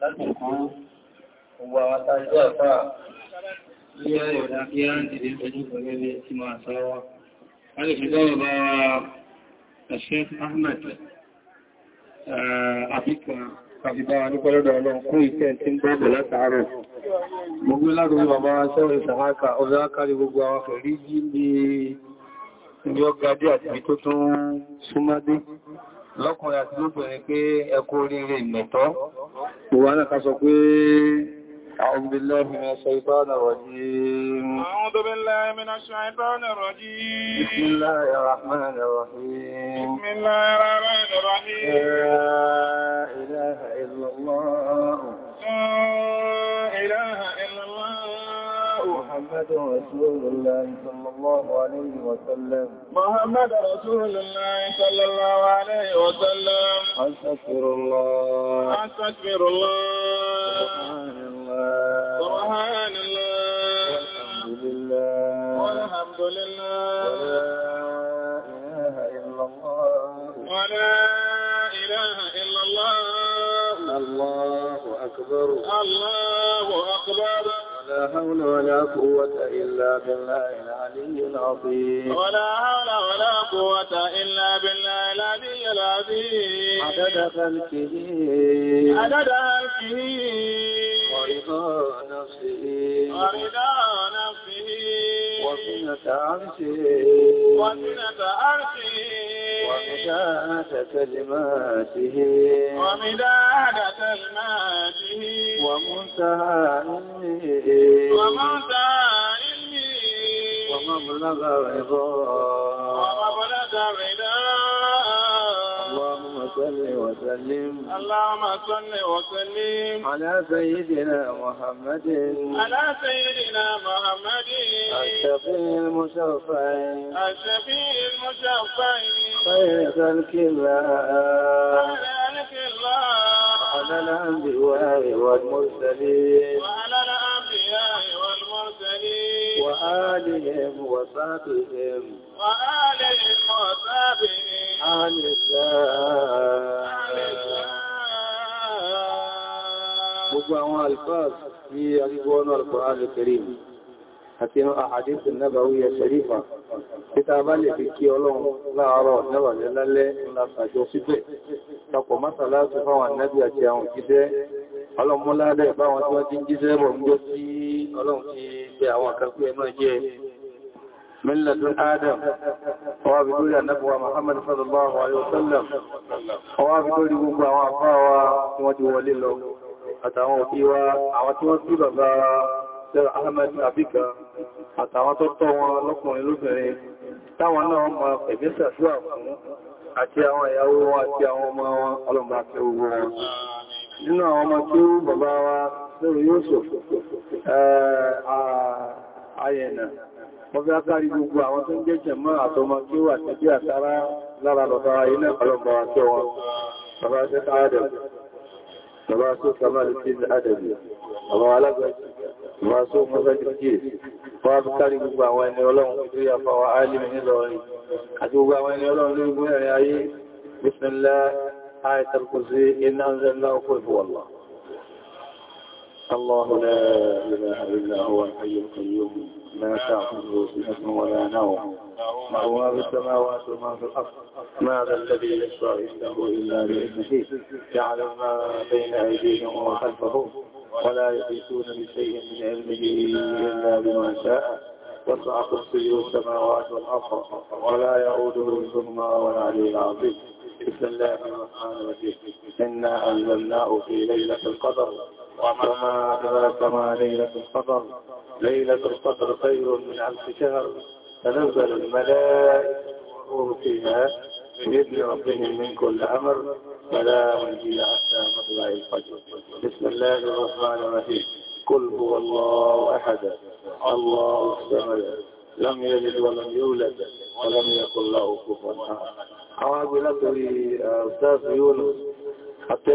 láti kó gbogbo àwọn tàbí àpá ní ayọ̀ láti áńdìdé pẹ̀lú pẹ̀lú tí máa sáwá. Wọ́n lè fi lọ́wọ́ bá Sheikh Ahmed Afika Kàfibára ní pẹ́lọ́dọ̀ ọlọ́run kú ìfẹ́ tí ń gbọ́bọ̀ látàárọ̀. Gbogbo lágbogbo bàbá Ṣẹ́wọ̀n Ìṣàhákà, ọ̀dá kárí gbogbo àwọn fẹ̀rí jí ní ọgbàdé àti tó tún súnmádé lọ́kùnrin àti lóbìnrin pé ẹkú oríire ìmẹ̀tọ́. Ìwà náà ká sọ pé أعوذ بالله من الشيطان الرجيم أعوذ بالله من الشيطان الرجيم بسم الله الرحمن الرحيم بسم الله الرحمن الرحيم لا إله إلا الله لا إله إلا محمد رسول الله صلى الله عليه وسلم محمد رسول الله صلى الله عليه وسلم أستغفر الله أستغفر الله سبحان الله سبحان الله والحمد لله والحمد لله ولا إله إلا الله ولا إله إلا الله الله أكبر الله ولا حول ولا قوة إلا بالله العلي العظيم ولا حول ولا قوة إلا بالله العلي العظيم عدد خلقه عدد خلقه ورضا نفسه ورضا نفسه وزنة عرشه وزنة عرشه ومداد كلماته ومداد كلماته ومنتهى ومضى علمي ومبلغ رضا ومبلغ غناء اللهم صل وسلم اللهم صل وسلم على سيدنا محمد على سيدنا محمد الشفيع المشفع الشفيع المشفع خير خلق الله خير خلق الله على الأنبياء والمرسلين وآلهم وصحبهم وآلهم وصحبهم عن الساعة gbogbo àwọn alfáàs tí a ti gbọ́ ọ́nà Al-Qur'an Al-Karim àti àhàdìsì nábàwí ẹ̀ṣẹ̀rífà títà bá lè fi kí ọlọ́run láàárọ̀ níwàlẹ̀ lálẹ́ ńlásàjọ síbẹ̀ tapọ̀ mátàlá ti fáwọn nábì àti àwọn jíṣẹ́ ọlọ́múládẹ̀ báwọn tí wọ́n ti jíṣẹ́ bọ̀ ń jọ sí ọlọ́run ti bẹ àwọn àkàkú ẹmọ́ jẹ́ ملة آدم وابدول النبوة محمد صلى الله عليه وسلم وابدول gbogbo àwọn àfáà wa wọ́n ti wọlé lọ àtàwọn òbí wa àwọn tí wọ́n sí bàbá Sẹ́rọ Ahmed Abika àtàwọn tó tọ́ wọn lọ́kùnrin lóbìnrin táwọn náà ma pẹ̀lú ṣàṣúwà fún àti àwọn ìyàwó wọn àti àwọn ọmọ wọn ọlọ́mà tí ó wọ́n. Nínú àwọn ọmọ tí ó bàbá wa lórí Yusuf ayẹ̀nà, wọ́n fẹ́ kárí gbogbo àwọn tó ń jẹ́ jẹ̀mọ́ àtọmọ tí ó wà tí bí àtàrà lára bàbá iná ọlọ́mà tí wọn. Bàbá Ṣẹ́ta Adam, bàbá Ṣẹ́ta Adam, bàbá Alágbàjì, masu mọ́sájúkí wọ́n bí kárí gbogbo àwọn ẹni ọlọ́run tó yà fáwà alìmì nílọrin àti gbogbo àwọn ẹni ọlọ́run lórí gbogbo ẹ̀rẹ̀ ayé bísmìlá àìtàkùsí iná ń zẹ́lá ọkọ̀ ìfọ̀wọ̀lá Allahu la ilaha illa huwa al-hayyul qayyum لا تأخذه سنة ولا نوم ما هو في السماوات وما في الأرض ما ذا الذي يشفع عنده إلا بإذنه يعلم ما بين أيديهم وما خلفهم ولا يحيطون بشيء من علمه إلا بما شاء وسع كرسي السماوات والأرض ولا يعوده ثم ولا عليه العظيم بسم الله الرحمن الرحيم إنا أنزلناه في ليلة القدر وما أدراك ما ليلة القدر ليلة القدر خير من ألف شهر تنزل الملائكة والروح فيها بإذن ربهم من كل أمر سلام هي حتى مطلع الفجر بسم الله الرحمن الرحيم قل هو الله أحد الله الصمد لم يلد ولم يولد ولم يكن له كفوا أحد. أعوذ بالله أستاذ يونس حتى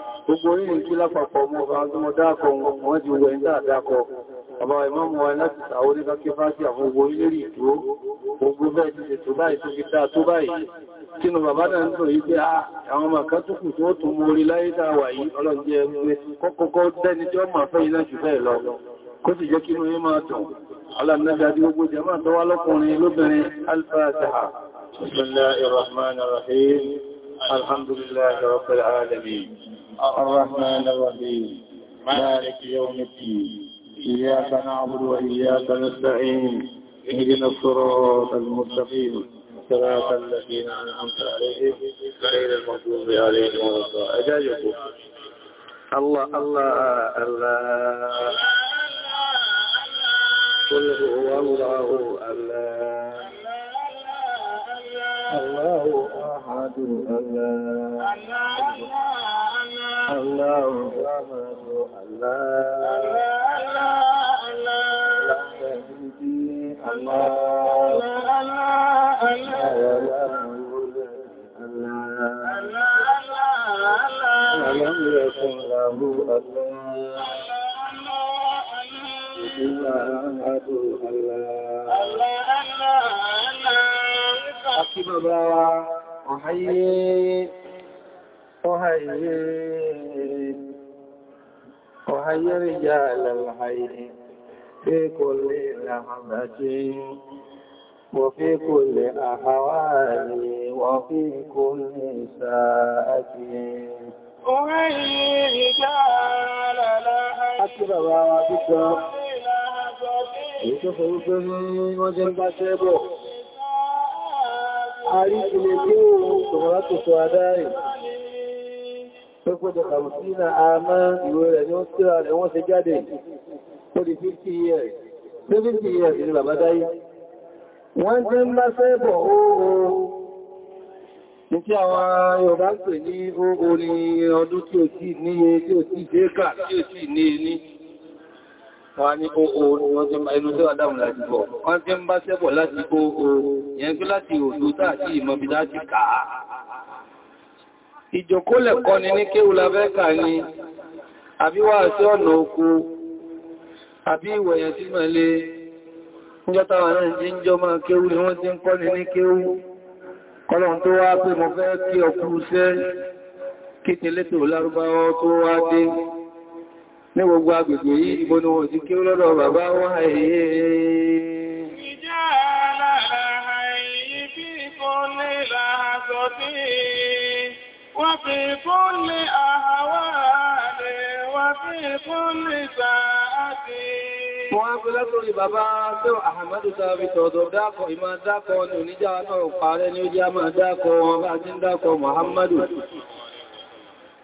gbogbo orí ìjú lápapọ̀ ọmọ ọba tó mọ́ dákọ̀ wọ́n ti wọ ìdá àdákọ̀ ọba ìmọ́mù wa láti sàwọ́ ní kákẹ́ bá sí àwọn ogun orílẹ̀-èdè ìdúró ogun bẹ́ẹ̀ ti ṣètò báyìí tó fi dáa tó báyìí kínú bàbá náà ń tòyí pé ah, àwọn màkà tó kù tó tún mú orí láyé dáwà yìí ọlọ́njẹ́ ẹgbẹ́ kọ́kọ́kọ́ dẹ́ni tí ó máa fẹ́ iná jù bẹ́ẹ̀ lọ kó sì jẹ́ kínú yí máa tàn alámìnájá dí gbogbo jẹ́ máa tọ́wá lọ́kùnrin lóbìnrin alfáàtà بسم الله الرحمن الرحيم الحمد لله رب العالمين الرحمن الرحيم مالك يوم الدين إياك نعبد وإياك نستعين اهدنا الصراط المستقيم صراط الذين أنعمت عليهم غير المغضوب عليهم ولا الضالين الله الله الله قل هو الله الله الله أحد الله الله الصمد الله الله الله ولم يكن له الله إلا أحد الله الله الله أكبر أحيي أحيي أحيي رجال الحي في كل لحظة وفي كل أحوالي وفي كل ساعة أحيي رجال الحي أكبر وفي كل لحظة يشوف الجميع وجنب سيبه àríkìlẹ̀ tí wọ́n years 70 years ní bàbádáyì wọ́n jẹ́ ń bá sẹ́bọ̀ ooo ní tí àwọn Yorùbá ń pè ní ooo ní ọdún tí ò tí níye tí ò tí dé kà tí ò tí ní ní wọ́n ní oó wọ́n ti ẹnu tí wà dáhùn láti bọ̀. wọ́n ti ń bá sẹ́bọ̀ láti oó yẹn pé láti òdó tààtí ìmọ̀bí láti kàá. ìjòkólẹ̀ kọ́ ni ní kéwù lábẹ́kà ni àbíwá sí ọ̀nà oko àbí ìwẹ̀yẹ̀ tí mẹ́lẹ̀ níjọ́tàwà náà ti ń jọ máa kéwù ni wọ́n ti ń kọ́ ni ní kéwù kọ́lọ̀n tó wá pé mo fẹ́ kí ọkùnrin sẹ́ kí tẹ́lẹ́tò lárúbáwọ́ tó wá dé ní gbogbo agbègbè yìí ibo ni wọ́n ti kí lọ́dọ̀ bàbá wọ́n àìyé ìjà alára àìyí bí kò lè làásọ̀ tí wọ́n fi kó lè àhàwà rẹ̀ wọ́n fi kó lè sàáàtì Wọ́n á gbẹ́lá lórí bàbá tó Àhàmàdù tàbí tọ̀dọ̀ dákọ̀ ìmá dákọ̀ ní oníjà náà pààrẹ ní ó jẹ́ a dákọ̀ wọn bá ti ń dákọ̀ Mùhammadu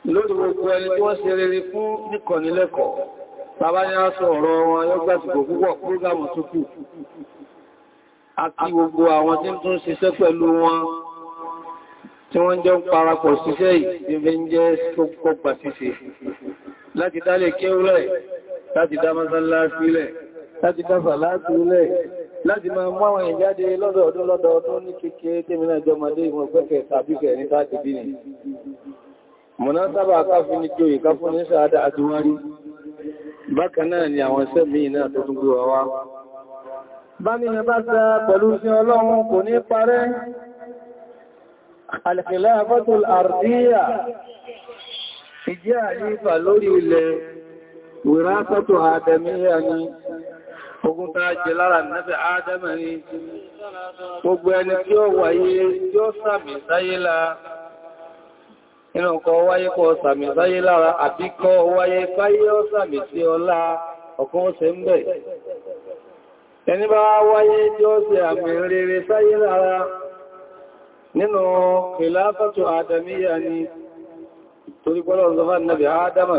lórí gbogbo ẹni tí wọ́n ṣe rere fún níkọ̀nílẹ́kọ̀ọ́ bàbá ní aṣọ ọ̀rọ̀ wọn yóò gbàsìkò púpọ̀ púrógámù tó kù àti gbogbo àwọn tí tún ṣiṣẹ́ pẹ̀lú wọn tí wọ́n jọ ń parapọ̀ ṣiṣẹ́ ìfẹ́jẹ́ tó pọ̀ ṣiṣẹ́ láti dálé kéwúrẹ̀ láti dá mọ́sánláfílẹ̀ láti dá sàláàtúlẹ̀ láti máa mú àwọn ìjáde lọ́dọọdún lọ́dọọdún ní kékeré tẹ́mìnà ìjọmọdé ìwọ̀n pẹ́kẹ̀ẹ́ tàbí kẹ̀ẹ́ ní táàkì bí ni mọ̀nátàbà káfún ní joyè káfún ní sáadà àdúwárí bákan náà ni àwọn iṣẹ́ míì náà tó tún gbọ́ wá bá ní ẹ bá sá pẹ̀lú sí ọlọ́run kò ní parẹ́ al-khilafatul ardiyya ìjẹ́ àyífà lórí ilẹ̀ wirasatu adamiyya ogun tàà jẹ lára nẹ́bẹ̀ Ádámà gbogbo ẹni tí ó wáyé tí ó sàmì sáyé láà inú ọkọ̀ wáyé kọ́ sàmì sáyé lára àbí kọ́ wáyé káyé ọ sàmì sí ọlá ọkọ̀ ọ̀sẹ̀ ń bẹ̀. ẹni bá wáyé tí ó ṣe àmì rere sáyé lára nínú kìláfàtò àdàmíyà ni torí pọ́lọ̀ ọ̀zọ́fà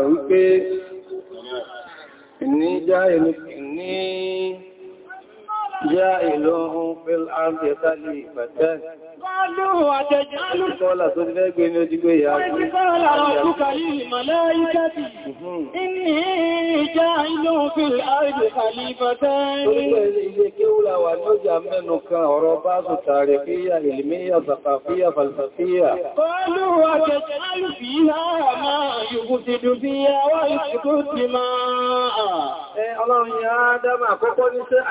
جائل في الأرض خليفة قالوا وتجعل قال صدق بين وجهه يا رب قال ربك للملائكة Inni ìjá ìlú fi àìdè kàlífàtẹ́ni. Ilé kí ó la wà lọ́jà mẹ́nu kan ọ̀rọ̀ bá sù tààrẹ fíyà, ìlmíyà, sàkàfíyà, falsafíyà. Kọlu àtẹ̀jẹ̀ alùfí láàmà yògùn ti dùn bí àwọ́ ìsìnkú ti máa. ọlọ́run yá dámà àkọ́kọ́ ní sẹ́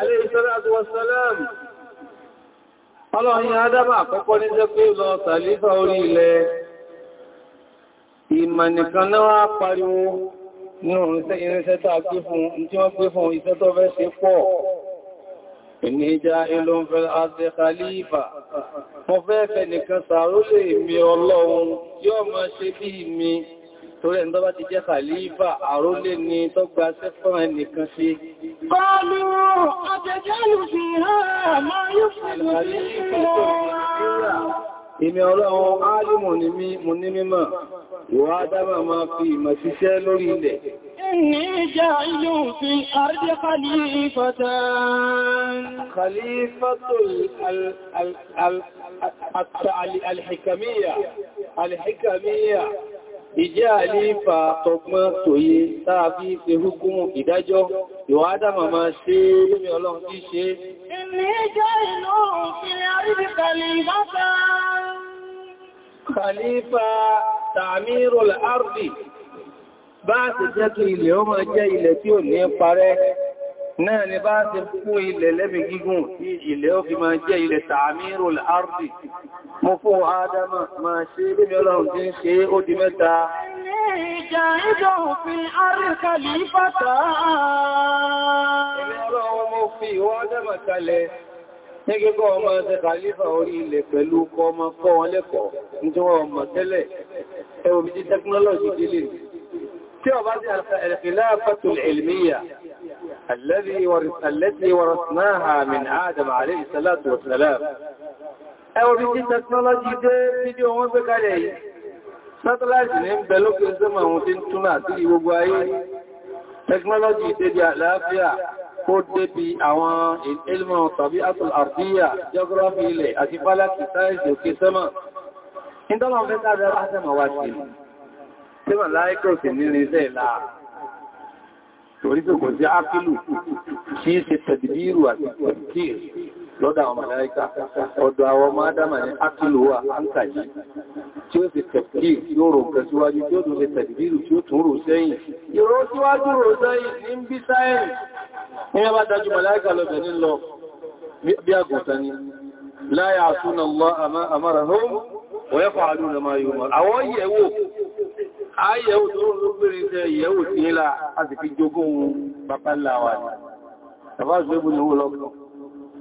pé lọ tàlífà orí ilẹ̀ ìmọ̀nìkan náà pariwo ní orinṣẹ́ irinṣẹ́ tó àgbé fún tí wọ́n pé fún iṣẹ́ tó fẹ́ ṣe pọ̀ ìníjà ilú ń fẹ́ khalifa mo fẹ́ fẹ́ nìkan sàáró lè mi ọlọ́run yóò máa ṣe bí mi torí ẹni tó bá ti jẹ́ khalifa àrólé ni tó gba sẹ́fọ́n ẹnìkan sí Bọ́ọ̀lù àjẹjẹ́lù fi hàn máa yóò fẹ́lú sí ìrọ̀. Ìmẹ̀ ọlọ́run álìmù ní mímọ̀ ìwà Ádámà máa fi ìmọ̀ ṣiṣẹ́ lórí ilẹ̀. Inni ja'ilun fil ardi khalifatan. Khalifatul al-hikamiyya, al-hikamiyya, ìjẹ́ àlífà tọgbọ́n tòye tàbí ṣe hukumu ìdájọ́, ìwà Ádámà Khalifa tààmírò l'árùdì bá ti jẹ́ kí ilẹ̀ ó máa jẹ́ ilẹ̀ tí ò ní parẹ́ náà ni bá ti fún ilẹ̀ lẹ́mì gígùn tí ilẹ̀ ó fi máa jẹ́ ilẹ̀ tààmírò l'árùdì mo fún Ádámà máa ṣe bí Ọlọ́run ní kíkọ́ ọmọ ẹsẹ̀ kàlífà orí ilẹ̀ pẹ̀lú kọ ọmọ kọ́ wọn lẹ́kọ̀ọ́ ní tí wọ́n mọ̀ tẹ́lẹ̀ ẹwọ̀n bí i tẹ́kínọ́lọ́jì délé tí ọba sí al-khilafatu al-ilmiyya allati warasnaha kó débi àwọn ilmọ̀ tàbí àtùl àrdíyà geography ilẹ̀ àti fálàkì sáyẹ̀sì òkè sẹ́mà ìdọ́lọ̀ fẹ́ tàbí àtẹ́mà wá sí sẹ́mà láìkọ̀ sí nírin iṣẹ́ ìlà torí pé kò sí ákìlù kí í ṣe tẹ̀dìbírù àti tẹ̀dìbírù lọ́dọ̀ àwọn màláíkà ọ̀dọ̀ àwọn ọmọ Ádámà ní ákìlúwà áńkàyí tí ó sì tẹ̀kìlì yóò rò nǹkan síwájú tí ó tún lè tẹ̀kìlì tí ó tún rò sẹ́yìn ìró síwájú rò sẹ́yìn ní bí sáyẹ̀n ní ọba dájú màláíkà lọ́bẹ̀ lọ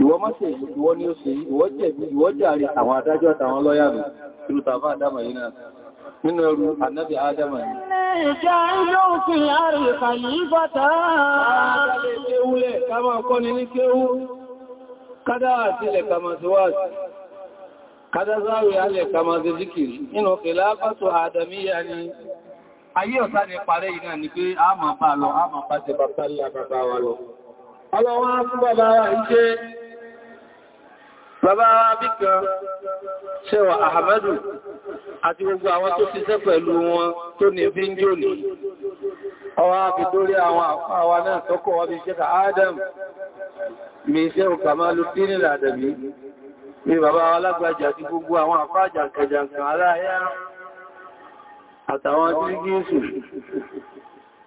ìwọ mọ́sẹ̀ ìwọ ni ó ṣe ìwọ jẹ̀bi ìwọ jàre àwọn adájọ́ àtàwọn lọ́yà rẹ̀ ìlú tàbá àdámà yìí náà nínú ẹrù ànábì àdámà yìí. Ìjà ilé òfin àrì ìkàlì bàtà. Ààrẹ kéwúlẹ̀ ká máa kọ́ ni ní kéwú. Kádá àti ilẹ̀ kàmàtíwáàsì. Kádá záwẹ̀ alẹ̀ kàmàtí zíkìrì. Nínú kìlá pàtó àdàmíyà ni ayé ọ̀sá ni parẹ́ ìná ni pé a máa bá lọ, a máa bá ti bàbá lọ. Ọlọ́wọ́n fún bàbá wa ń ṣe Bàbá bí kan ṣẹwà Ahmadu àti gbogbo àwọn tó ṣiṣẹ́ pẹ̀lú wọn tó ní bí ń jò ní. Ọwá fi dórí àwọn àpáwa náà tọ́kọ̀ wọ́n bí ṣẹ́ta Adam, mi ṣẹ́ òkàmálù tí ní làdàbí, mi bàbá alágbàjà àti gbogbo àwọn àpá àjàǹkàjàǹkà aláyá àtàwọn tí gíṣù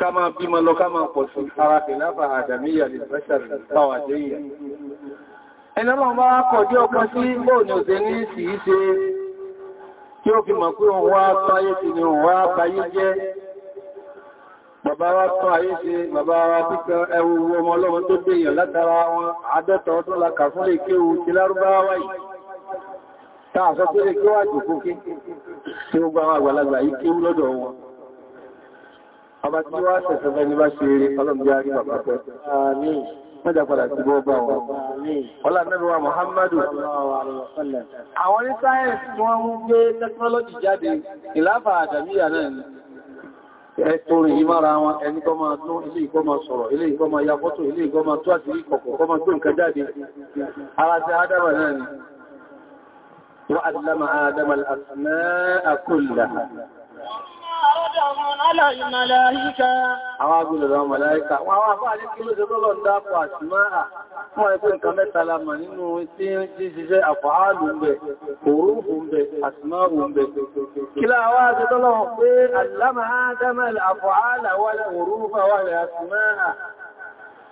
ká máa bímọ lọ ká máa pọ̀ sí ara pẹ̀láfà àdàmíyà lè fẹ́ṣàrí táwà jẹ́yà ẹni ọmọ bá kọ̀dí ọkọ̀ sí bóòní òṣè ní sì í ṣe kí ó fi mọ̀ pé òun wá báyé ti ni òun wá báyé jẹ́ bàbá wa tún ayé ṣe bàbá wa pípẹ́ ẹwù ọmọ ọlọ́run tó gbèyàn látara wọn àádọ́ta ọdún la kà fún lè kéwu ti lárúbáwá yìí táà sọ pé lè kéwàá jù kókí tí ó gbà àgbàlagbà yìí kéwú lọ́dọ̀ wọn ọba tí wá ṣẹ̀ṣẹ̀ fẹ́ni bá ṣe eré ọlọ́gbẹ́ àrí bàbá pẹ́ mẹ́jà padà sí bọ́ bá wọn ọlá mẹ́bíwá Muhammadu àwọn ní sáyẹ̀nsì tí wọ́n ń gbé tẹ́kínọ́lọ́jì jáde ìlàfà àdàmíyà náà ni ẹ̀tọ́rin ìmára wọn ẹni Àwọn agbìlọ̀dọ̀ àwọn màláíkà, wọn àwọn àbá ní kí ló ṣe lọ́lọ́ ń dápò àti máa fún ẹgbẹ́ nǹkan mẹ́ta lámà nínú tí ń jí ṣiṣẹ́ àfàálù ń bẹ̀, òrùfù ń bẹ̀, àti máa wù ń bẹ̀. Kí láwá ṣe tọ́lọ́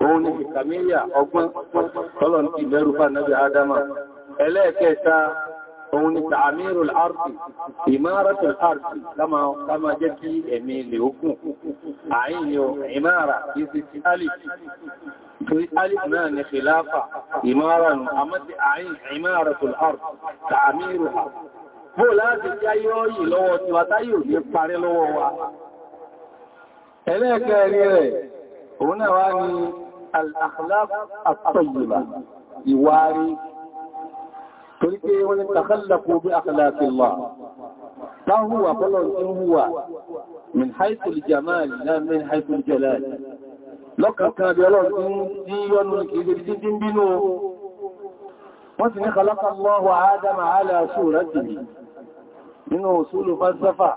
òun ni ìkàmíyà ọgbọ́n tọ́lọ̀n ti bẹ̀rù fà náà Adama ẹlẹ́ẹ̀kẹta òun ni tààmírù l'árùsì ìmáratù l'árùsì kama jẹ́ kí ẹ̀mí ilẹ̀ okùn àìyàn ìmára ìsì ti alif torí alif náà ni khilafa ìmára nù àmọ́sí àìyàn ìmáratù l'árùsì ẹlẹ́ẹ̀kẹ́ rí rẹ̀ هنا واني الاخلاق الطيبة يواري تركي ولن تخلقوا باخلاق الله فهو قلن هو من حيث الجمال لا من حيث الجلال لك كان يلون ان ديون كذب جدن بنو وثني خلق الله ادم على سورته من وصول فلسفة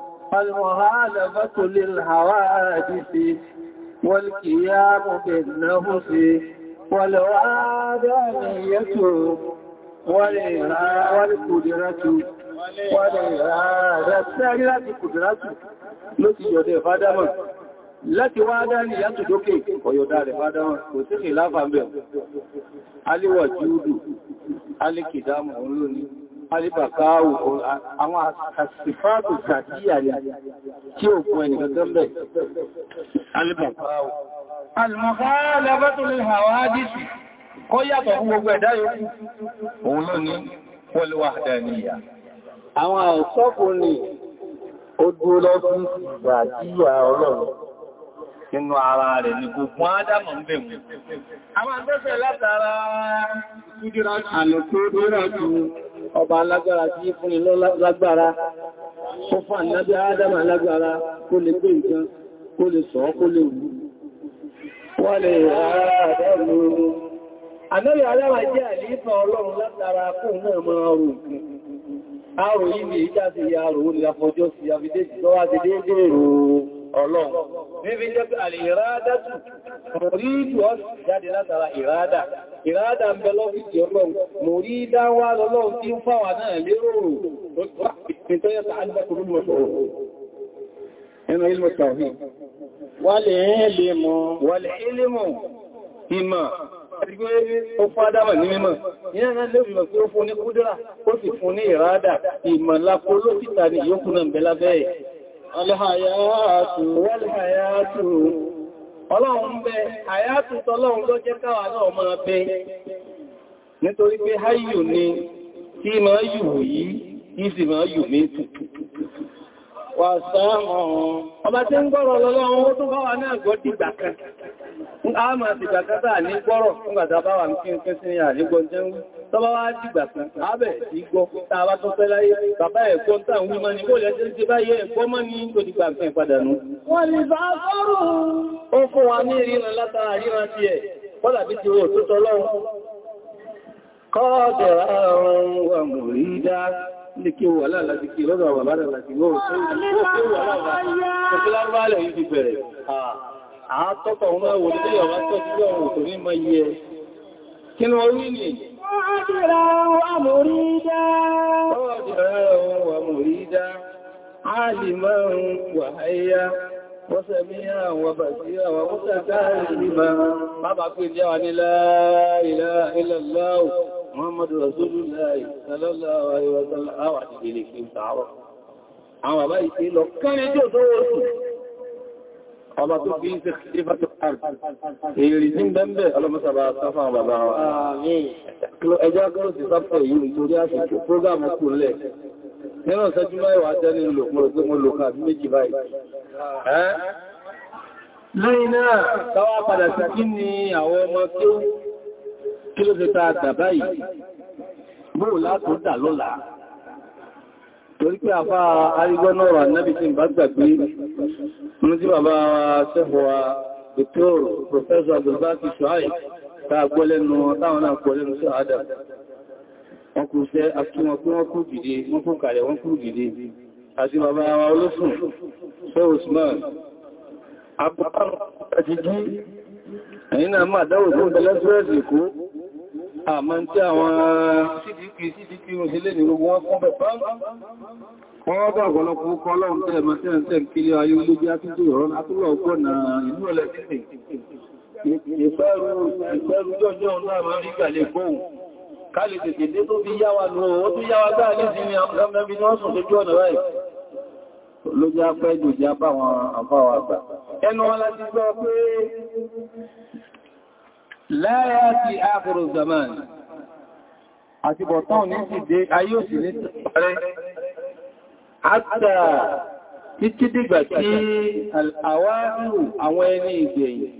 المغالبة للحوادث والقيام بالنفس والوادانية والقدرة والإرادة قدرة lóti yọ̀dẹ̀ fádámà láti wá dáni yàtò dókè ọ̀yọ̀dá rẹ̀ fádámà kò sí ìlàfà mẹ́ alíwọ̀ jíúdù alíkìdámù òun lónìí alìbàkáwò àwọn àṣìfáàtò ṣàtíyà ni tí ó kún ẹni gẹ́gẹ́ bẹ̀. Alìbàkáwò. Alìmọ̀kálẹ́bẹ́tò lè hàwá dìsì, kó yàtọ̀ fún gbogbo ẹ̀dá yòókù. Òun ló ní wọ́lúwà dáníyà. Àwọn àìsọ́kùnrin ó dúró lọ́dún ìgbà inú ara rẹ̀ ní gbogbo ádámọ̀ ń bẹ̀rù. Àwọn àgbẹ́fẹ̀ látara àlùkúdúrátù ọba alágbára tí fún ilọ́ lágbára, ó fún ànábí ádámà lágbára kó lè gbé nǹkan, kó lè sọ, kó lè wù. Wọ́n lè Àrùn yìí ọlọ́run. Níbi jẹ́ pé àlìrádá tù, mòrídù ọ́sì jáde látara ìrádà. Ìrádà ń bẹ lọ́fíìsì ọlọ́run, mòrídá wá lọ́lọ́run tí ń fáwà náà lérò Ìmọ̀ ẹgbẹ́ ó fádámà ní mímọ̀. Iná náà lè mọ̀ pé ó fún ní kúdúrà, ó sì fún ní ìrádà, ìmọ̀ lápò lókítà ní ìyókù náà bẹ lábẹ́ Alhayatu. Alhayatu. Ọlọ́run bẹ, àyàtù tọ́lọ́run tó jẹ́ káwà náà máa bẹ. Nítorí pé háyù ni tí máa yù yìí, kí sì máa yù mí tù. Wà sáàmù. tí ń tó bá tọ́bá wá dìgbà kan ábẹ̀ ìgbọ́ tàbá tó fẹ́ láyé bàbá ẹ̀kọ́ ń tàwọn mímọ́ ní kó lẹ́sẹ̀ ti báyé ẹ̀kọ́ mọ́ ní tó dìgbà kan ìpadànú wọ́n lè bá sọ́rọ̀ ó fún wa ní ìrìnà látara ríran ti ẹ̀ kọ́lá bí ti tó tọ́lọ́run kọ́ọ̀dẹ̀ ààrùn wà mọ̀ ní kí wà kí lọ́dọ̀ wọ́n tó ní عادلا ومريدا رادعا ومريدا عالما وهيا وسميعا وبصيرا ومتكلما بابا كل جواني لا اله الا الله محمد رسول الله صلى الله عليه وسلم اوعد بلك انت عرف àwọn bàbá ìpínlọ kẹ́rin tí ó tó wọ́n sùn ọba tó fi ń ṣe ṣífà tó àrùn èrì ní bẹ́m̀bẹ̀ ọlọ́mọ́sàbà sáfà bàbá wa ẹjọ́ gọ́rọ̀ sí sáfà yìí torí àṣìkò prógámù kù lẹ̀ nínú ìṣẹ́jú mẹ́wàá jẹ́ ní lòpọ̀lọpọ̀ méjì báyìí lẹ́yìn náà káwà padà sí kí ni àwọn ọmọ tó kí torí pé àfá arígbọ́nà wà nábi tí ń bá gbàgbé mú tí bàbá sẹ́fọ̀wà dr professor abdulbaki shuhai tààgbọ́lẹ́nu táwọn náà gbọ́lẹ́nu sí àádà wọ́n kú sẹ́ akíwọn pé wọ́n kú dìde wọ́n kú kàrẹ wọ́n kú dìde àti bàbá wa olófún sẹ́ Usman àpapọ̀ àti jí kú àmọ́ tí àwọn CDP CDP òṣèlé ní gbogbo wọn kún bẹ̀ wọ́n bá ọ̀pọ̀lọpọ̀ ọkọ̀ ọlọ́run tẹ́ ẹ̀mọ́ tẹ́ ẹ̀ntẹ́ kílé ayé olóbi àtúntò ìrọ́n àtúlọ̀ ọgbọ́n na ìlú ọlẹ́ ìfẹ́rú jọjọ́ láàrín rí gàlẹ̀ gbọ́hùn ká lè tètè dé tó fi yáwa nù ó tó yáwa dáa ní sí ni ọmọdébí ni wọ́n sùn lójú ọ̀nà ráì ló jẹ́ apẹ́ jù jẹ́ apá àwọn àfáwà àgbà ẹnu wọn láyá ti ákùrù zaman àti bọ̀tán ní ti dé ayé òsì ní parẹ́ àtà títí dìgbà tí àwárù àwọn ẹni ìgbẹ̀yìn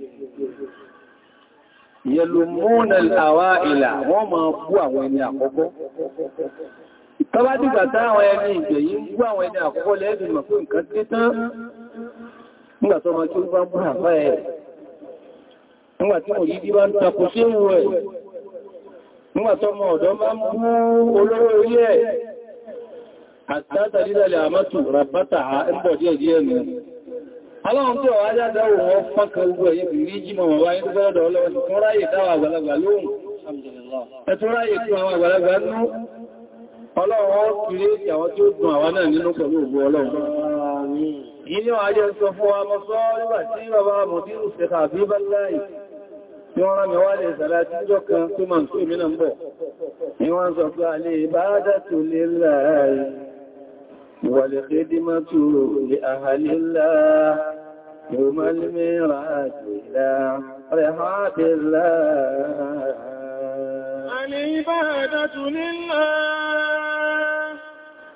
yẹlùmúnà àwá ìlà wọ́n máa bú àwọn ẹni àkọ́kọ́ tọ́bá dìgbà táwọn ẹni ìgbẹ̀yìn bú àwọn ẹni àkọ́kọ́ nígbà tí mo yìí bá ń takò sí ìwò ẹ̀ nígbà tó mọ̀ ọ̀dọ́ máa ń mú olóró orí ẹ̀ àtàtàrílẹ̀ àmátù ràbátà ẹ̀mbọ̀ díẹ̀ díẹ̀ mi aláwọn tó wà dáadáa wọ́n fákà ogun ẹ̀yẹ́ bí rí jí mọ̀mọ̀ wáyé tó gbọ́dọ̀ ọlọ́wọ́ tó ráyè dáwà àgbàlagbà lóhùn ẹ̀tún ráyè tó àwọn àgbàlagbà nú ọlọ́wọ́ kìrí àwọn tí ó dùn àwọn náà nínú pẹ̀lú ògbó ọlọ́run ni wọ́n rán mi wá lè sàrá tí ó kan tó máa tó ìmìnà ń bọ̀. ni wọ́n sọ pé a lè bá dátò lè láàárín wà lè ṣe dí má tó lè àhàlè láà yóò má لله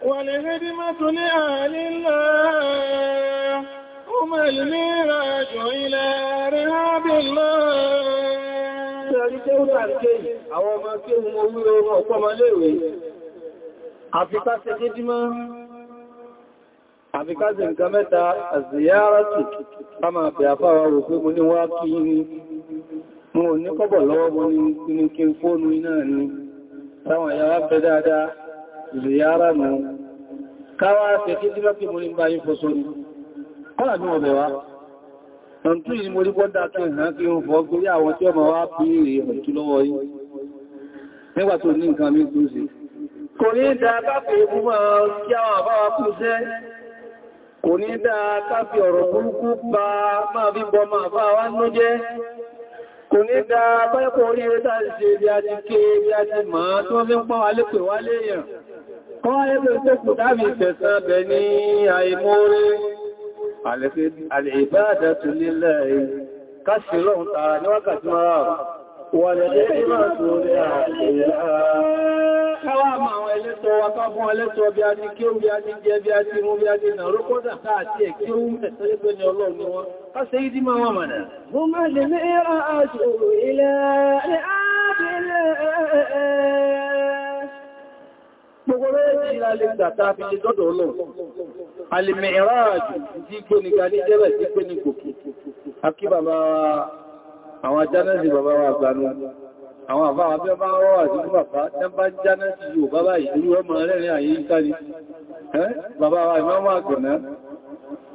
والهدمة لأهل الله هم الميراج إلى رهاب الله rí kéhù tàbí àwọn ọmọ kéhù orí orí ọ̀pọ̀ ọmọ léèwé àfikà ṣe dídímọ́ àfikà ṣe nǹkan mẹ́ta àzìyára tù ká máa fi àfáwà rò pé mo ní wá kí ní mo ní kọ́bọ̀ lọ́wọ́ mo ní kí n fóònù iná ni táwọn Ẹ̀ntú yìí mo rí bọ́dá kí ìrìnà kí ń fọ́ gorí àwọn tí ọmọ wá bí ìrìnàjú lọ́wọ́ yìí. Nígbà tó ní nǹkan mi kú sí. Kò ní dá káfí ìgbúmọ̀ kí àwọn àbáwá kú sẹ́. pa máa bí bọ máa bá wá nú jẹ́. Kò ní dá pẹ́kọ̀ orí ẹ̀ta ṣe bí a ti ké bí a ti al-ibadatu lillahi káṣì lọ́hun tààrà ní wákàtí mara wà lẹ́gbẹ̀ẹ́ máa tó rí àìyà káwà ma àwọn ẹlẹ́tọ́ wa ká fún ẹlẹ́tọ́ bí a ti kí ó bí a ti wà mọ̀nà mo máa lè mẹ́rà Gbogbo méjì lálé gbàtà fi ṣe dọ́dọ̀ ọlọ́. Àlèmẹ̀ ìráàjù tí gbé ní ga ní jẹ́bẹ̀ tí gbé ní gòkè. Akí bàbá wa, àwọn jánẹ́sì bàbá wa gbanú. Àwọn àbá wa bẹ́ẹ̀ bá wọ́wà sí fún bàbá, tẹ́ bá jánẹ́sì yóò bàbá ìlú ọmọ rẹ̀rìn àyè ìkárí. Bàbá wa ìmọ́mọ́ àgbọ̀nà,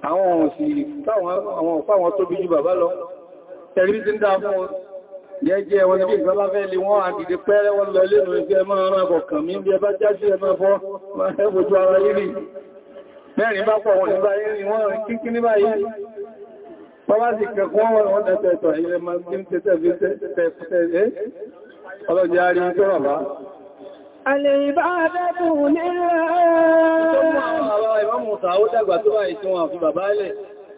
àwọn òsì táwọn fáwọn tóbi ju bàbá lọ. Tẹ̀rí ti jẹ́jẹ́ wọn ní bí ìgbà bá fẹ́ lè wọ́n àdìdì pẹ́rẹ́ wọn lọ lẹ́nu ẹgbẹ́ máa rán ọkọ̀ kàn mí bí ẹbá jásí ẹmọ fọ́ máa ẹgbòjú ara yìí mẹ́rin bá pọ̀ wọn nígbà yìí wọ́n kíkí ní báyìí bọ́bá sì kẹkún wọn wọn tẹ́tẹ̀ẹ̀tọ̀ ilẹ̀ máa ń tẹ́tẹ̀ fi tẹ́tẹ̀ ọlọ́jẹ́ arí tó rọ̀ bá Àlèbádẹ́bù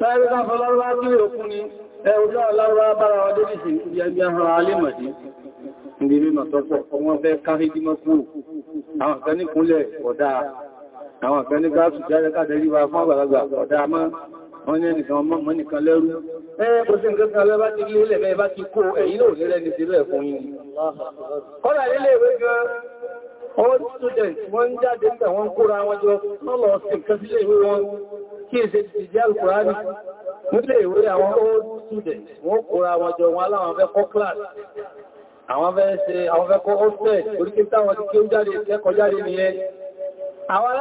Táyé ká fọ́ lọ́rọ́ wá kí òkú ni, ẹ ojú àlárọ́ bára wa débì sí ìyẹ̀bí ẹ̀hàn alímọ̀dí. Ìgbèrè mà sọ́pọ̀, ọmọ fẹ́ kárí dímọ́ kú. Àwọn kan ní kúnlẹ̀ ọ̀dá, àwọn kan ní gáàsù jáde káàdẹ̀rí wa fún àgbàlagbà ọ̀dá mọ́, wọ́n ní ẹnìkan mọ́ nìkan lẹ́rú. Ẹ kò sí nǹkan kan lẹ́bá ti lé lẹ́bẹ̀ẹ́ bá all students wọ́n jáde nígbà kóra wọn jọ lọ́lọ́ sí nǹkan ìwé wọn kí èsè ti jẹ́ N'ile nílé ìwé àwọn old students wọ́n kóra wọn jọ wọn aláwọn fẹ́ kọ́ class àwọn fẹ́ ṣe àwọn fẹ́ kọ́ hostel ti kí ó jáde kẹ́kọ̀ọ́ jáde nìyẹn àwọn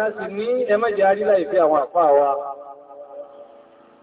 láti ní ẹmẹ́jẹ̀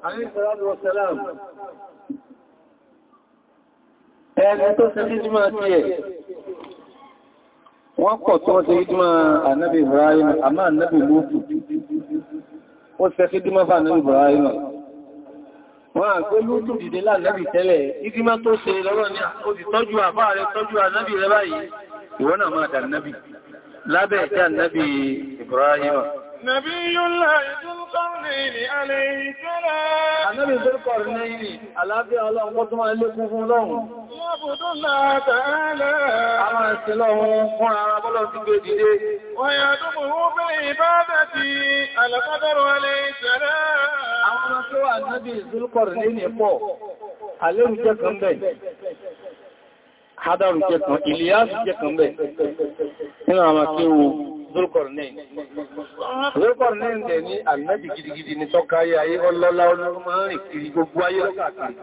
Ẹni tó ṣe ìjímọ̀ tí ẹ̀, wọ́n pọ̀ tó wọ́n ṣe ìjímọ̀ ànábì Ibrahim, àmá ànábì Lútù. Ó ṣe ìjímọ̀ fà ànábì Ibrahim. Wọ́n à pé Lútù dìde láàrẹ́bì tẹ́lẹ̀, ìjímọ̀ tó ṣe lọ́rọ̀ ní òtìtọ́jú àbá rẹ̀ tọ́jú ànábì rẹ̀ báyìí, ìwọ́n نبي الله ذو القرنين عليه السلام النبي ذو القرنين على بي الله قدما لكم فلون يعبد الله تعالى على السلام وعلى بلو تجديد ويدمه بالعبادة على قدر عليه السلام أما سوى النبي ذو القرنين فوق عليه جكم بي حضر جكم إلياس جكم بي هنا ما كيو Zulkornain. Zulkornain tẹ̀ ní ànábì gidigidi ni tọ́ka ayé ayé ọlọ́lá ọlọ́run máa ń rìn kiri gbogbo ayé lọ́kàkiri.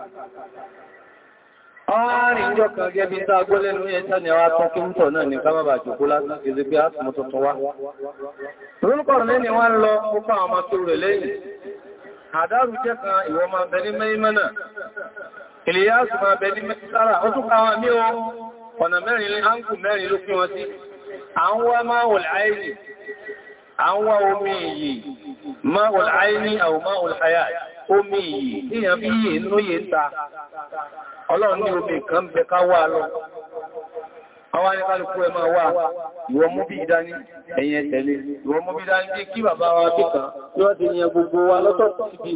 Ààrin ìjọ kan gẹ́ bí sáà gbọ́ lẹ́nu ẹ̀ta ni àwọn atọ́kí ń tọ̀ náà ní ká bàbà jùkú láti gẹ́gẹ́ bí átùmọ̀ tuntun wá. Zulkornain ni wọ́n lọ púpọ̀ àwọn ọmọ tó rẹ̀ lẹ́yìn. Àdáàrù jẹ́ kan ìwọ máa bẹ ní Mẹ́ìmánà. Ìlìyà à ń wá máa a à omi ìyì máa wùláìní àwọn máa wùláyà omi ìyì níyàn bí yìí inú yìí ta ọlọ́run ní omi kan bẹ ká wà lọ àwọn anìkálùkù ẹ máa wà ìwọ mú bí ìdání ẹ̀yìn ẹ̀tẹ̀lé ìwọ mú bí ìdání bí kí bàbá wa kíkà yóò ti wa lọ́tọ̀ ti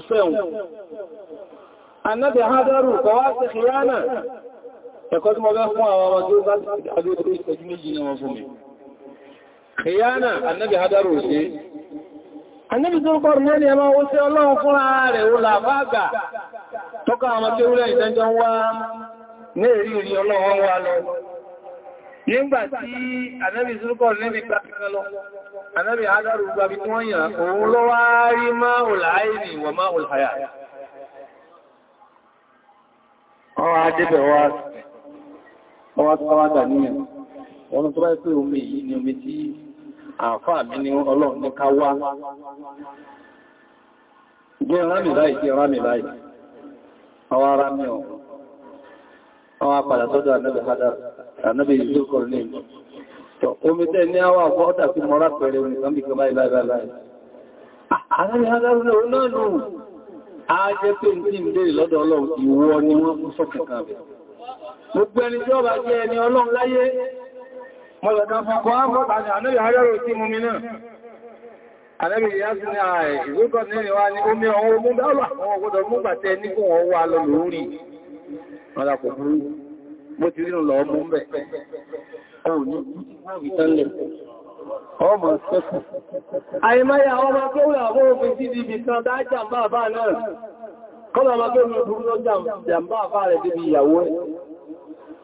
ẹ̀kọ́ tí mo fẹ́ fún àwọn ọmọ tí ó bá àgbé tó ìṣẹ́jú méjì ní wọn fún mi annabi annabi tó kọrù ẹmọ ọlọ́run fún ààrẹ ó àwọn wá ọwádà níyàn wọn tó bá pé omi yìí ni omi tí àfáà mi ní ọlọ́run ní ká wá jẹ́ rámì láì jẹ́ rámì láì ọwá rámì ọ̀ ọwá padà sọ́dọ̀ ànábì ìlúkọ̀ ní omi tẹ́ ní àwọ̀ àpọ̀ ọ́tà tí mọ́rá pẹ̀rẹ̀ omi kan bí kan báyìí báyìí báyìí gbogbo ẹni tí ó bá jẹ́ ẹni ọlọ́run láyé mọ́lọ̀dá fọ́kọ́ ápọ̀ta ni ànábì àárẹ̀rò tí mú mi náà ànábì ìyá sí ní ààrẹ ìwékọ́ ní ẹni wá ní omi ọ̀hún ogun dáwà àwọn ọgbọ́dọ̀ mú gbàtẹ́ ní kún ọwọ́ alọ lórí ọ̀dà kò burú bó ti rínú lọ mú bẹ̀ ọmọ sẹ́kù àìmáyà ọmọ tó wùlà àwọn òfin sí ibi kan dájà ń bá àbá náà kọ́lọ̀ ọmọ tó wùlà jàmbá rẹ̀ débi ìyàwó ẹ̀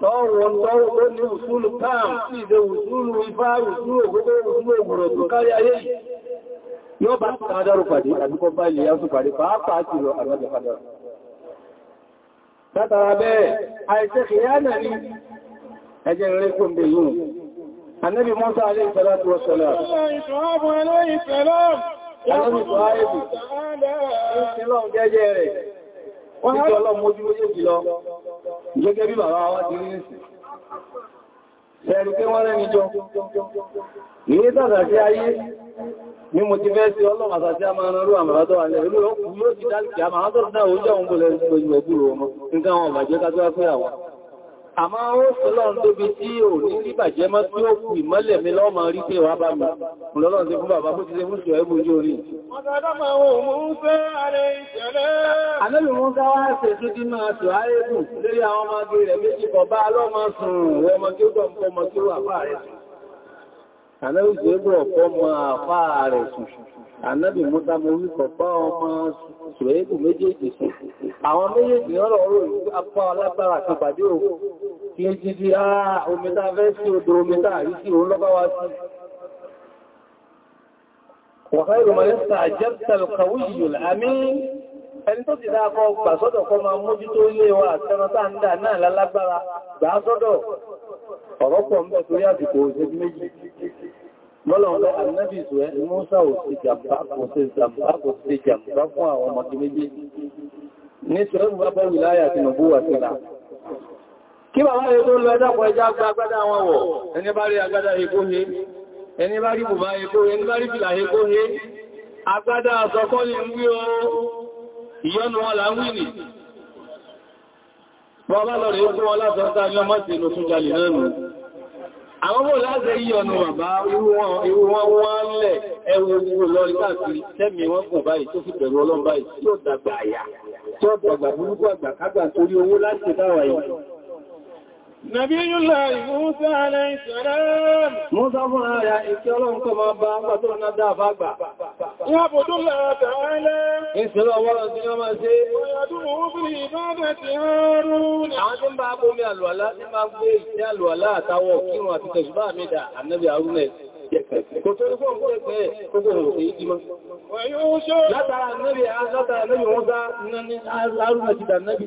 tọ́wọ́n tọ́wọ́ tó ní òṣúlù káàm sí ìdẹ òṣúlù ifá òṣúlù ògbogbo òṣúlù ògbòrò tó kárí ayé yóò bá kádàrù pàdé àdúkọ bá ilẹ̀ yásù pàdé pàápàá sí lọ àgbàjẹ̀ kádàrù látara bẹ́ẹ̀ àìsẹ́ kìíyànà ní ẹjẹ́ rẹ̀ kò mbè yìí annabi Musa alayhi salatu wa salam annabi Shu'aibu ìsìnlọ́n jẹ́jẹ́ rẹ̀ gẹ́gẹ́ bí bàbá wa ti rí nìsìn ṣẹ́rí pé wọ́n rẹ́ni jọ ìyé tàbí sí ayé ní mo ti fẹ́ sí ọlọ́màtà sí àmà ọ̀rọ̀ àmàrà tó wà lẹ́rẹ̀ lórí ọkùnrin yóò ti dálìkì àmà àtọ́rọ̀ náà ó àmá ó sọ́lọ́run tó bí tí ò ní sí bàjẹ́ mọ́ tí ó kù ìmọ́lẹ̀ mi lọ́mọ rí pé wà bá mi lọ́lọ́run sí fún bàbá bó ti ṣe fún ṣùgbẹ́ mú orí Àlẹ́lù mú káwà ṣe tó tí máa tò áyébù lórí àwọn ọmọ agbé rẹ̀ méjì kọ bá lọ́mọ sùn rẹ̀ ọmọ tí Ànábì Mùsá mo wí kọ̀pá ọmọ Ṣùrẹ́kù méjèèjì sí. Àwọn méjèèjì ọ̀rọ̀ orò apá alágbára kan pàdé ò kí é jí sí àà omita fẹ́ sí odò omita àrí sí òun lọ́bá wá sí. Wàhálù mọ̀ yẹ́sà jẹ́tẹ̀lù kàwí yìí lámí ẹni tó ti dáa kọ gbà sọ́dọ̀ kọ máa mójútó ilé wa àtẹ́ran tá ń dà náà lálágbára gbà sọ́dọ̀ ọ̀rọ̀pọ̀ ń bẹ̀ torí àsìkò òṣèlú méjì Bọ́lọ̀wọ́ Annabi Ìsúwẹ́, Musa ò sí jàmbá kò sí jàmbá kò sí jàmbá fún àwọn ọmọdé méjì. Ní ṣẹ́rù bá bọ́wì láyé àti nùbú wà sílá. Kí bàbá rẹ̀ tó lọ ẹ̀dàpọ̀ ẹjá agbádá wọn wọ̀, ẹni bá rí agbádá ẹkó he, ẹni bá rí bùbá ẹkó he, ẹni bá rí fìlà ẹkó he, agbádá àsọkọ́ ni ń wí o, ìyọnu wọn là ń wí nì. Bọ́ọ̀bá lọ rẹ̀ ó kó wọn látọ́ta àwọn bó láti yí ọ̀nà bàbá irú wọ́n lẹ̀ ẹwọ gbogbo lọ́rí káàkiri tẹ́mì wọ́n kò báyìí tó fi pẹ̀lú ọlọ́mbáyìí tí ó dàgbà àyà tí ó dàgbà burúkú àgbà kágbà torí owó láti dáwà yìí Nabiyullah Musa alayhi salam. Musa fún ara ìkẹ́ ọlọ́run kọ máa bá pàtó ọ̀nà dáàfà gbà. Ya'budullah ta'ala. Ìṣẹ́lọ ọwọ́rọ̀ tí wọ́n máa ṣe. Oyàdún òun fi ìbábẹ̀ ti Harun. Àwọn tí ń bá gbómi àlùwàlá tí máa gbé ìṣẹ́ àlùwàlá àtàwọ̀ kírun àti tẹ̀sùbá mi dà, ànẹ́bì Harun Kò tó rí fún ọkọ̀ ẹgbẹ́ kókò rò sí ìdímọ́. Látara nẹ́bì wọ́n sá ní arúgbà ti dà nẹ́bì.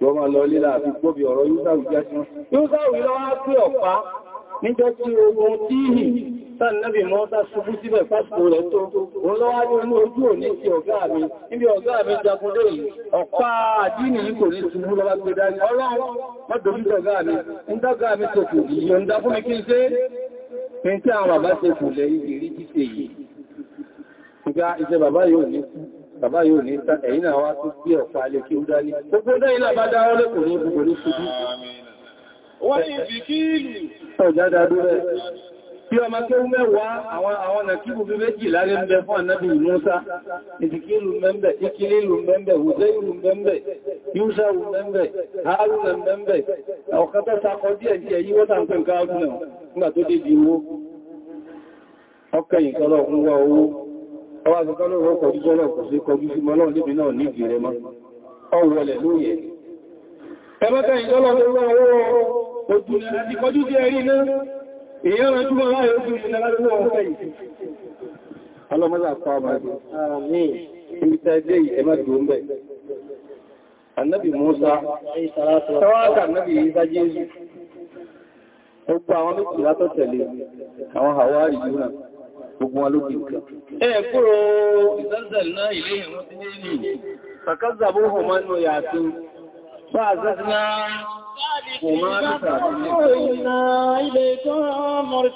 yọ máa lọ lílà àti gbóbi ọ̀rọ̀ yúsáwì jásí yúsáwì lọ wá pé ọ̀pá níjọ́ tí ohun tí hì sáàlẹ́bì mọ́ta ṣubú síbẹ̀ pásìkò rẹ̀ tó òun lọ́wọ́ ní inú ojú òní ti ọ̀gá mi níbi ọ̀gá mi jagundé ọ̀pá àdínì yìí kò ní ṣubú lọ́wọ́ gbé dání ọlọ́run mọ́dọ̀bí ọ̀gá mi ń dágá mi tó kù yìí ń dá fún mi kí n ṣe bàbá yóò ní ta ẹ̀yìn náà wá tó gbé ọ̀pá alẹ́ kí ó dání gbogbo dá ilá bá dá ọlẹ́ kò ní gbogbo ní ṣubú wọ́n yìí fi kíìlù ọjà dádú rẹ̀ bí ọmọ kéwú mẹ́wàá àwọn àwọn nàkíbù bí méjìlá ní ẹgbẹ́ fún ànábì Mùsá ìdíkílù mẹ́mbẹ̀ ìkílìlù mẹ́mbẹ̀ hùsẹ́ìlù mẹ́mbẹ̀ yúṣàwù mẹ́mbẹ̀ àárùnà mẹ́mbẹ̀ ọ̀kátọ́ sakọ díẹ̀ tí ẹ̀yí wọ́ta ń pẹ́ nǹkan ọdún náà nígbà tó dé di owó ọkẹ̀yìn tọ́lọ̀ fún wa owó ọwá àgbẹ̀kọ́ lọ́wọ́ kọjú sọ́lọ́ kò sí kọjú sí mọ́lọ́ níbi náà níbi rẹ mọ́ ọwọ́lẹ̀ lóyẹ̀ ẹmọ́ta ìjọ́lọ́ Annabi Musa, Tawaka Annabi Isa Jesu, ó gba àwọn méjìlá tó tẹ̀lé àwọn gbogbo wọn ló bí nǹkan. ẹ kúrò ìsẹ́sẹ̀lẹ̀ náà ilé ìwọ̀n ti ní ìlú kàkàzà bó hàn mọ́nú yàtọ̀ bá àzẹ́sìnà kò máa bí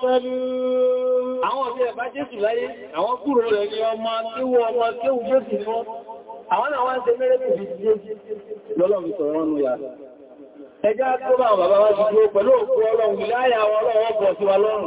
sàbí àwọn ọ̀bí ẹ̀bá jésù láyé àwọn kúrò rẹ̀ ni ọmọ kéwọ ọmọ kéwù jésù mọ́ àwọn náà wá ń ṣe mẹ́rẹ́ kò fi jésù lọ́lọ́run sọ̀rọ̀ wọn nù yàtọ̀ ẹjá tó bá bàbá wá ti dúró pẹ̀lú òkú ọlọ́run láyà ọlọ́run ọgbọ̀ sí wa lọ́rùn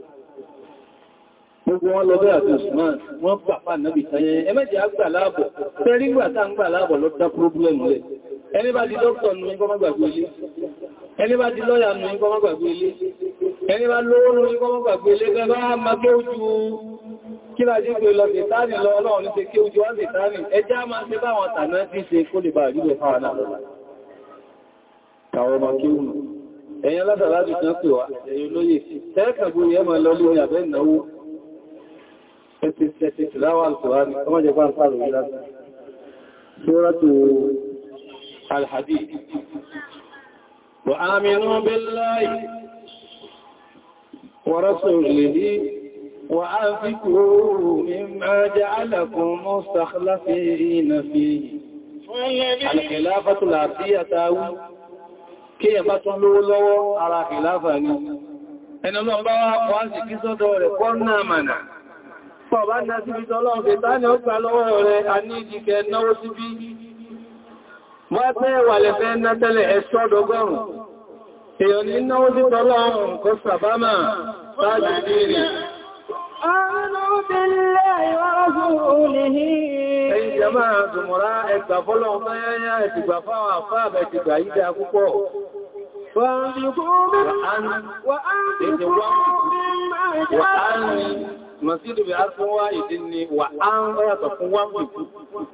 gbogbo wọn lọ bẹ́ àti Usman wọ́n pàpà náàbì sáyẹn ẹmẹ́jì àgbà láàbọ̀ tẹ́rí gbà tá ń gbà láàbọ̀ lọ dá púróbùlẹ̀mù rẹ̀ ẹni bá di dókítọ̀ nù ní kọ́mọ́ gbàgbé ilé ẹni bá di lọ́yà nù ní kọ́mọ́ gbàgbé ilé ẹni bá lówó nù ní kọ́mọ́ gbàgbé ilé bẹ́ bá máa ké ojú kí láti pè wá ẹ̀yẹ olóyè tẹ́ẹ̀kàgbò yẹ́ lọ lórí àbẹ́ ìnáwó الحديث وآمنوا بالله ورسوله وأنفقوا مما جعلكم مستخلفين فيه الخلافة العربية تاوي كيف تنلولوا على خلافة ẹni ọlọ́run bá wá pọ̀ á sì kí sọ́dọ̀ rẹ̀ pọ́nà mànà Bàbá náà ní náwó síbí. Mọ́ pẹ́ wà lẹ́fẹ́ ná sí tọ́lọ́run kó sàbámà sáàjì dìrì. Ààrùn bí lẹ́yìn wọ́n fún òní ẹgbà fọ́lọ̀ mẹ́yẹnyà ẹ̀tìgbà fáwọn àfáàbà ẹ̀tìgbà ìdá púpọ̀. Wà á ń Masiru bi arfin wa idin ne wa an rasa kun wa kuku.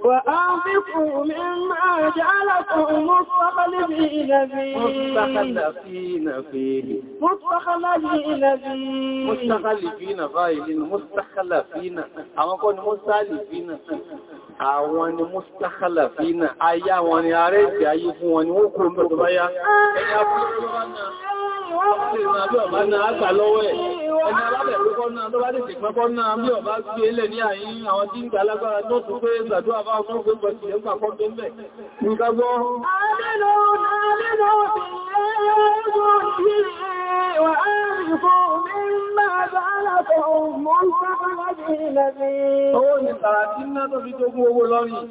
Wa an fi kumin ma ji alaƙon mustaqali bi nabi. Mustaqala fi na fili. Mustaqala bi nabi. Mustaqali fi na fa'ilin, mustaqala fi na. Àwọn kọ́ ni mustaqali fi na. Àwọn ni mustaqala fi na. Aya wọn ni ààrẹ ìgbé ayé fún wọn ni wọ́n kò mẹ́rin báyá. Ẹni a fún ọjọ́ sì náà bí ọ̀bá náà àgbà lọ́wọ́ ẹ̀ ẹni alábẹ̀ tó kọ́ náà tó bá dìtì pẹ́kọ́ náà bí ọ̀bá gbé lẹ̀ ní àyín àwọn tí ń galágbára tó tún pé ìgbàdúwà bá ọmọ ògbé pọ̀ sí ẹgbà kọ́ tó mẹ́ nígbàgbọ́ Owó ni tàràtí ná tó fi tó gún owó lọ́rin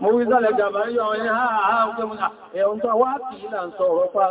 mo wí sálẹ̀ gàbà yọ ọ̀yẹ́ àà àwọn ọ̀pẹ́ mú ẹ̀hùn tó wá kìí là ń sọ ọ̀rọ̀ pàá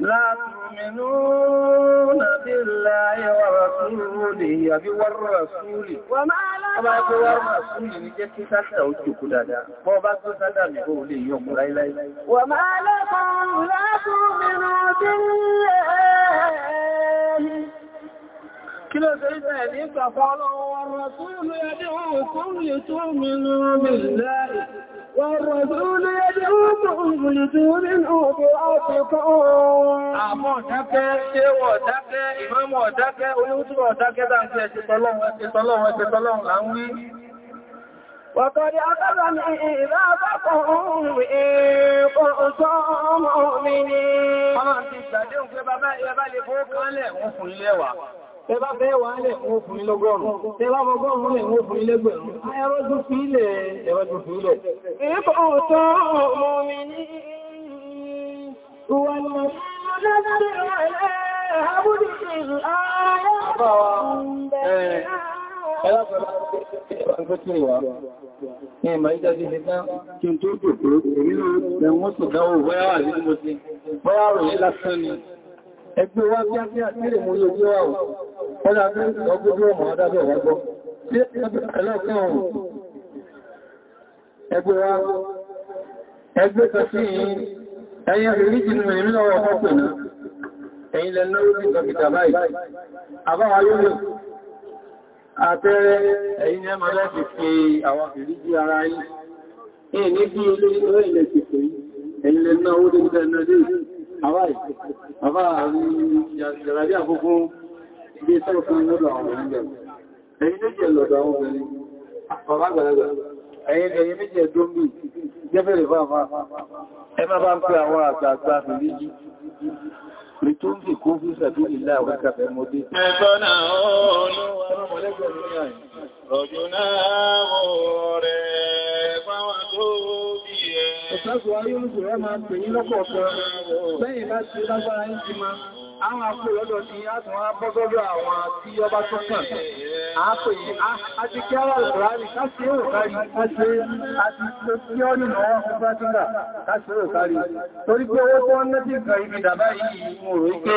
لا تؤمنون بالله ورسوله أبي والرسول وما لنا أبي والرسول نجد تحت وجهك لنا وبعد سلام قولي يوم ليلة وما لكم لا تؤمنوا بالله كلا سيدنا يديك فعله والرسول يدعوكم لتؤمنوا بالله والرسول يدعوكم لدور أوضعتكم Àmọ́ ọ̀dákẹ́, ṣé ọ̀dákẹ́, ìmọ́mọ̀ ọ̀dákẹ́, olóòtúrọ̀ ọ̀dákẹ́ dáa ń fi ẹ̀ṣẹ̀ tọ́lọ́run, ẹ̀ṣẹ̀ tọ́lọ́run, ẹ̀ṣẹ̀ Tẹbá fẹ́ wà lẹ̀ fún òfin lọ́gọ́rùn-ún, tẹbá fọgọ́rùn-ún lẹ̀ fún òfin lẹ́gbẹ̀rún, ní ìmọ̀ ìjájú ti kí n tó jòkó, èmi náà ẹ̀wọ́n tó dáwò bọ́yá ní mo ti, ní lásán ni, ẹgbẹ́ wá bí á bí àtírẹ̀ mú yóò wá ò ọdá bí ọgbójú ọmọ adájọ́ wá gbọ́ tí ẹlọ́kàn ọ̀rùn ẹgbẹ́ wá ẹgbẹ́ kàfí ẹ̀yìn ríjì nínú ìrìn lọ́wọ́ ọkọ̀ náà ẹ̀yìn lẹ náwó sí kọkìtà báyìí àbáwá lórí àtẹ́rẹ ẹ̀yìn ẹmà láti fi àwọn ìríjì ara yìí ẹ̀yìn ní bí ilé ìrìn lẹ́sìkò yìí ẹ̀yìn lẹ náwó dé bàbá àrí jàràbí àkókò bí sọ́rọ̀ fún lọ́dọ̀ àwọn obìnrin jẹ́ ẹ̀yìn méjì ẹ̀lọ́dọ̀ àwọn obìnrin bàbá àgbàlagbà ẹ̀yìn méjì ẹ̀dọ́mbì jẹ́bẹ̀rẹ̀ bàbá ẹ má bá ń pè àwọn àgbààgbà fìlíjì Ìtúnfì kún fún ìṣẹ̀bí ìlà àwọn ìkàfẹ́ mọ́dé. Ẹgbọ́n náà ó lówà. Ọmọ lẹ́gbẹ̀ẹ́ ní àyìn. Ọjọ́ náà lọ́pọ̀ ayélùsù rẹ̀ máa pè ní lọ́pọ̀ ọ̀pọ̀ lẹ́yìn láti lágbára ń ti ma àwọn akó lọ́dọ̀ sí àtún wá bọ́gọ́rọ̀ àwọn tí ó bá tọ́kàn àápè àti kí ara ìkùránì káṣí èrò kárí káṣí àti kí ọ́ nínú wọn fún pátíkà káṣí èrò kárí torí pé owó tó wọ́n lẹ́tí ìgbà ibi dàbá yìí mo rò pé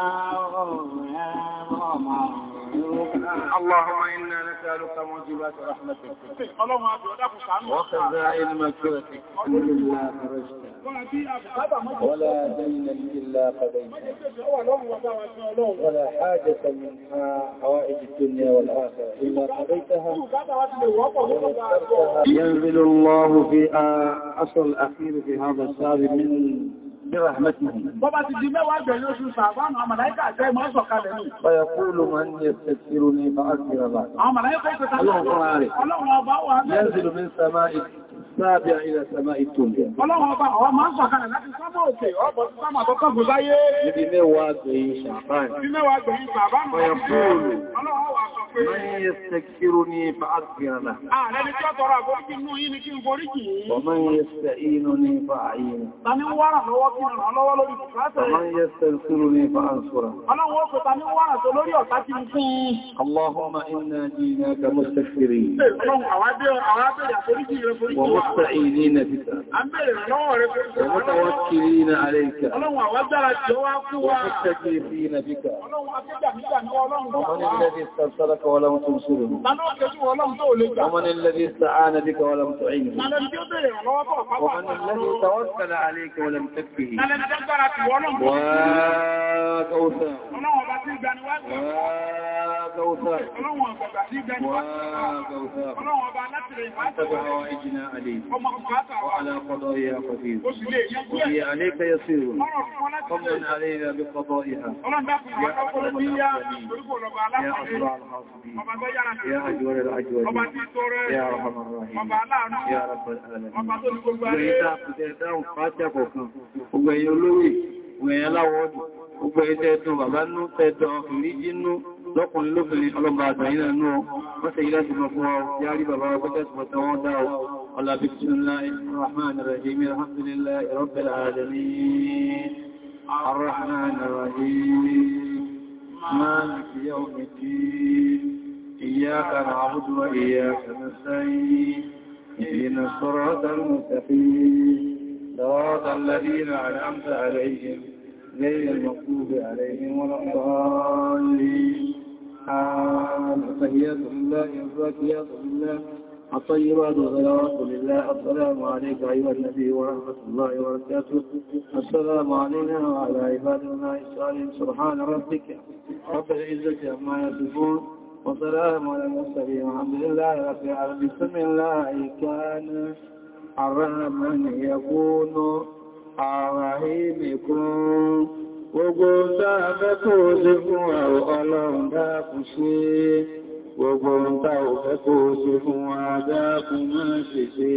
اللهم إنا نسألك موجبات رحمتك وخزائن مكرتك إلا فرجتك ولا دينا إلا قضيت ولا حاجة من حوائج الدنيا والآخرة إلا قضيتها ينزل الله في أصل الأخير في هذا السابق من Bọ́bá ti di mẹ́wàá gbẹ̀yìn oṣù sàbánù, àwọn màláíkà jẹ́ ìmọ̀ ọ̀sọ̀kalẹ̀ nù. Bọ́yà kú ló máa ń yẹ ṣẹ̀ṣirò ní ìbá àti ìrọ̀lá. Àwọn màláíkà ìpẹta. Ọlọ́run ọba wà. Yẹ́ Sáàbíà ilẹ̀ sẹ́mà ìtòlẹ̀. Ọlọ́run ọba ọwá máa ń sọ̀kànà láti sọ́mọ̀ òkè ọ̀bọ̀ sí sọ́mọ̀ àkọ́kọ́ gùn láyé. Ibi mẹ́wàá gbẹ̀yìn ṣàbáyìn. Ibi mẹ́wàá gbẹ̀yìn ṣàbáyìn. Ọyọ̀ fóòlù. Ọlọ́run ọwà sọ pé. Mẹ́yìn ẹsẹ̀ kírò ní ipa àgbìrànà. Ààrẹ ni tí ó tọrọ àgbóríkì mú yí ni kí n borí kì í. Ọmọ ẹsẹ̀ inú ní ipa àyíni. Ta ni wárà lọ́wọ́ kí n ràn lọ́wọ́ lórí bùkátẹ̀? Ọmọ ẹsẹ̀ kírò ní ipa àǹsọ́ra. Ọlọ́run ó kò ta ni wárà tó lórí ọ̀tá kí n fún. Allahumma inna jinaka mustaghfirin. Ọlọ́run àwádé àwádé àforíkì rẹ̀ foríkì. مستعينين بك ومتوكلين عليك ومستكيفين بك ومن الذي استرسلك ولم تنصره ومن الذي استعان بك ولم تعينه ومن الذي توكل عليك ولم تكفه وكوثر وكوثر وكوثر أنت بهوائجنا أليم حفيظ وعلى قضائها قدير وهي عليك يصير فضلا علينا بقضائها يا أكرم الأكرمين يا أسرع الحاصبين يا أجور الأجورين يا أرحم الراحمين يا رب العالمين Gbogbo ẹ̀tẹ́ ẹ̀tọ́ bàbá nú tẹ́tọ́ ọkùnrin jínú lọ́kùnrin lóbìnrin ọlọ́gbà àtàrí náà nú ọ, wọ́n tẹ́ ilẹ́ ṣùgbọ́n fún ọ, yárí bàbá ọgbẹ́tẹ́ ṣùgbọ́n tẹ́wọ́n dáa قال بسم الله الرحمن الرحيم الحمد لله رب العالمين الرحمن الرحيم مالك يوم الدين إياك نعبد وإياك نستعين اهدنا الصراط المستقيم صراط الذين أنعمت عليهم غير المغضوب عليهم ولا الضالين آمين تحيات الله وبركاته الله الطيبات والصلوات لله السلام عليك أيها النبي ورحمة الله وبركاته السلام علينا وعلى عباد الله الصالحين سبحان ربك رب العزة عما يصفون وسلام على المرسلين الحمد لله رب العالمين بسم الله كان من يكون الرحيم يكون gbogbo dáa أو kó o gbogbo ń ta òfẹ́ kó ṣe fún wa dákun máa ṣe ṣe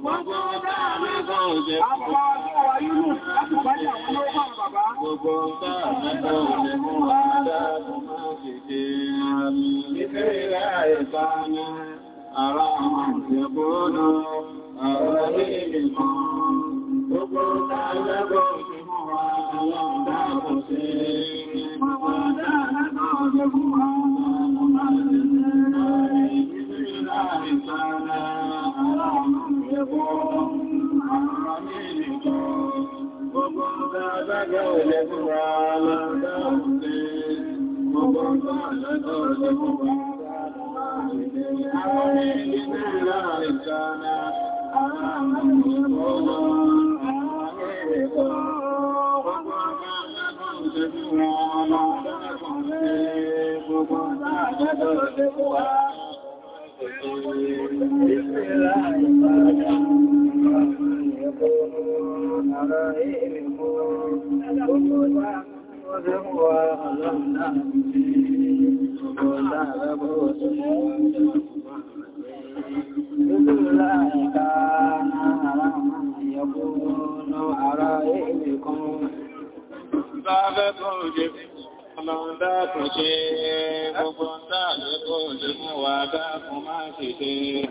Gbogbo ọ̀tá àmẹ́ta òní mú wa dákun máa ṣe ṣe àmì nífẹ́ ìlà àwọn ìṣẹ́gbónú àwọn ilé Gbogbo ta lẹ́gbọ́ ti fún wa ọlọ́run dáàbò sí. Gbogbo ta lẹ́gbọ́ ti fún wa ọlọ́run dáàbò sí. Gbogbo ta lẹ́gbọ́ ti fún wa ọlọ́run dáàbò sí. Gbogbo ta lẹ́gbọ́ ti fún wa ọlọ́run Bàbá tó jẹ́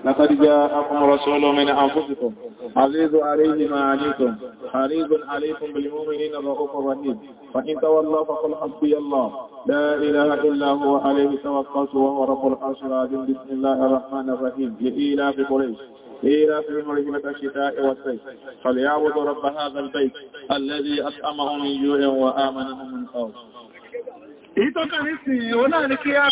لقد جاءكم رسول من انفسكم عزيز عليه ما عليكم حريص عليكم بالمؤمنين رؤوف رحيم فإن تولوا فقل حسبي الله لا إله إلا هو عليه توكلت وهو رب العرش العظيم بسم الله الرحمن الرحيم لإيلاف قريش إلى في مرحلة الشتاء والصيف فليعبدوا رب هذا البيت الذي أطعمهم من جوع وآمنهم من خوف èyí tó kàn ní sí ìwọ̀n náà ní kí á